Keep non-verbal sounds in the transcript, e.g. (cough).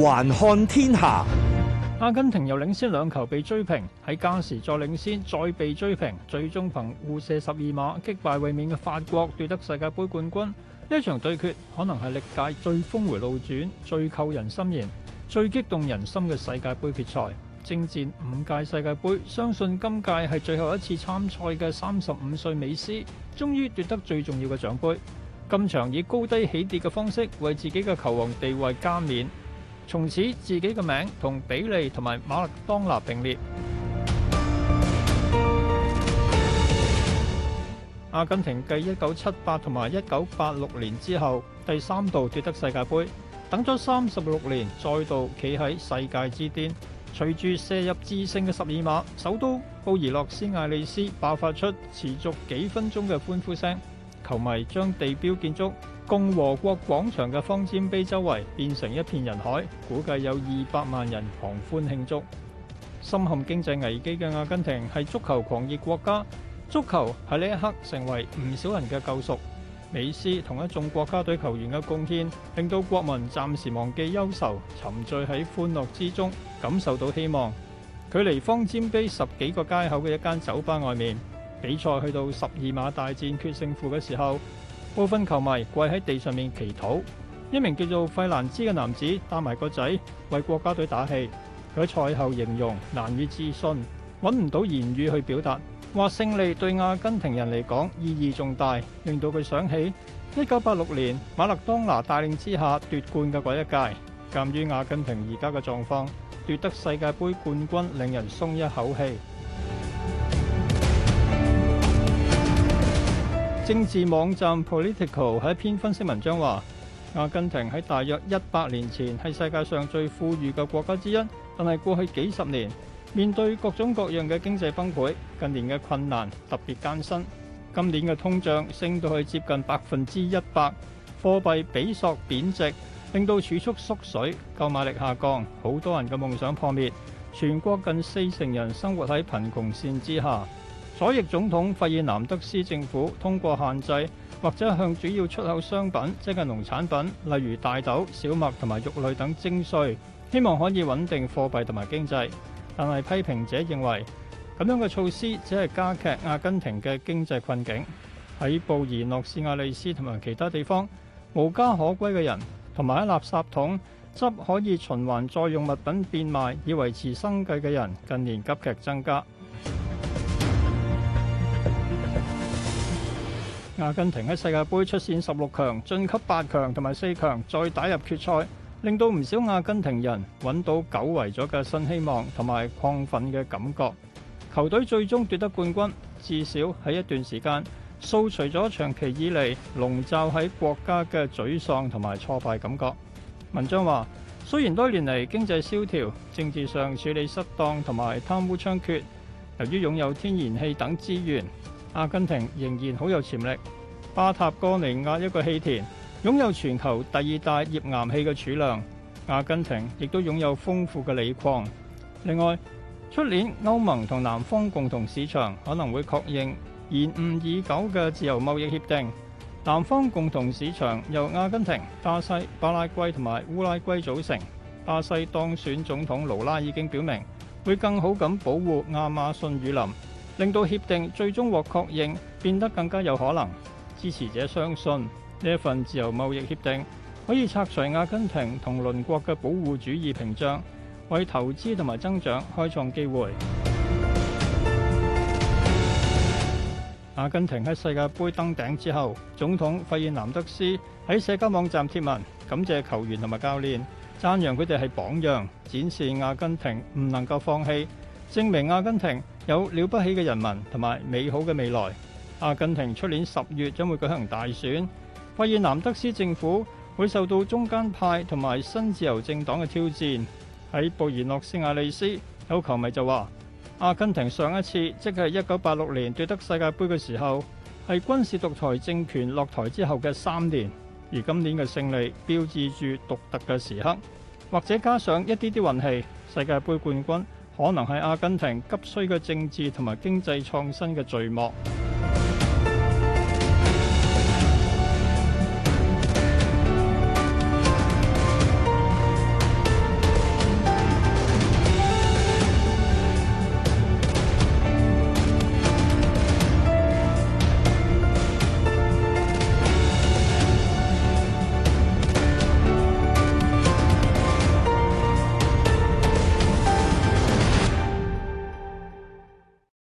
環看天下，阿根廷由領先兩球被追平，喺加時再領先，再被追平，最終憑互射十二碼擊敗衛冕嘅法國，奪得世界杯冠軍。呢一場對決可能係歷屆最峰回路轉、最扣人心弦、最激動人心嘅世界杯決賽。征戰五屆世界杯，相信今屆係最後一次參賽嘅三十五歲美斯，終於奪得最重要嘅獎杯。今場以高低起跌嘅方式，為自己嘅球王地位加冕。從此自己嘅名同比利同埋馬勒當拿並列。阿根廷繼1978 (music) 同埋1986年之後，第三度奪得世界盃，等咗三十六年，再度企喺世界之巔。隨住射入致勝嘅十二碼，首都布宜諾斯艾利斯爆發出持續幾分鐘嘅歡呼聲，球迷將地標建築，共和國廣場嘅方尖碑周圍變成一片人海，估計有二百萬人狂歡慶祝。深陷經濟危機嘅阿根廷係足球狂熱國家，足球喺呢一刻成為唔少人嘅救贖。美斯同一眾國家隊球員嘅貢獻，令到國民暫時忘記憂愁，沉醉喺歡樂之中，感受到希望。距離方尖碑十幾個街口嘅一間酒吧外面，比賽去到十二碼大戰決勝負嘅時候。部分球迷跪喺地上面祈禱，一名叫做費蘭茲嘅男子帶埋個仔為國家隊打氣。佢喺賽後形容難以置信，揾唔到言語去表達，話勝利對阿根廷人嚟講意義重大，令到佢想起一九八六年馬勒當拿帶領之下奪冠嘅嗰一屆。鑒於阿根廷而家嘅狀況，奪得世界杯冠軍令人鬆一口氣。政治網站 Political 喺一篇分析文章話：阿根廷喺大約一百年前係世界上最富裕嘅國家之一，但係過去幾十年面對各種各樣嘅經濟崩潰，近年嘅困難特別艱辛。今年嘅通脹升到去接近百分之一百，貨幣比索貶值，令到儲蓄縮水，購買力下降，好多人嘅夢想破滅，全國近四成人生活喺貧窮線之下。左翼總統費爾南德斯政府通過限制或者向主要出口商品，即係農產品，例如大豆、小麥同埋肉類等徵稅，希望可以穩定貨幣同埋經濟。但係批評者認為咁樣嘅措施只係加劇阿根廷嘅經濟困境。喺布宜諾斯艾利斯同埋其他地方，無家可歸嘅人同埋喺垃圾桶執可以循環再用物品變賣以維持生計嘅人，近年急劇增加。阿根廷喺世界盃出線十六強、晉級八強同埋四強，再打入決賽，令到唔少阿根廷人揾到久違咗嘅新希望同埋亢奮嘅感覺。球隊最終奪得冠軍，至少喺一段時間掃除咗長期以嚟籠罩喺國家嘅沮喪同埋挫敗感覺。文章話，雖然多年嚟經濟蕭條、政治上處理失當同埋貪污猖獗，由於擁有天然氣等資源。阿根廷仍然好有潛力，巴塔哥尼亞一個氣田擁有全球第二大頁岩氣嘅儲量。阿根廷亦都擁有豐富嘅鋰礦。另外，出年歐盟同南方共同市場可能會確認延誤已久嘅自由貿易協定。南方共同市場由阿根廷、巴西、巴拉圭同埋烏拉圭組成。巴西當選總統盧拉已經表明會更好咁保護亞馬遜雨林。令到協定最終獲確認，變得更加有可能。支持者相信，呢一份自由貿易協定可以拆除阿根廷同鄰國嘅保護主義屏障，為投資同埋增長開創機會。阿根廷喺世界盃登頂之後，總統費爾南德斯喺社交網站貼文感謝球員同埋教練，讚揚佢哋係榜樣，展示阿根廷唔能夠放棄。證明阿根廷有了不起嘅人民同埋美好嘅未來。阿根廷出年十月將會舉行大選，費爾南德斯政府會受到中間派同埋新自由政黨嘅挑戰。喺布宜諾斯艾利斯有球迷就話：阿根廷上一次即係一九八六年奪得世界盃嘅時候，係軍事獨裁政權落台之後嘅三年。而今年嘅勝利標誌住獨特嘅時刻，或者加上一啲啲運氣，世界盃冠軍。可能係阿根廷急需嘅政治同埋經濟創新嘅序幕。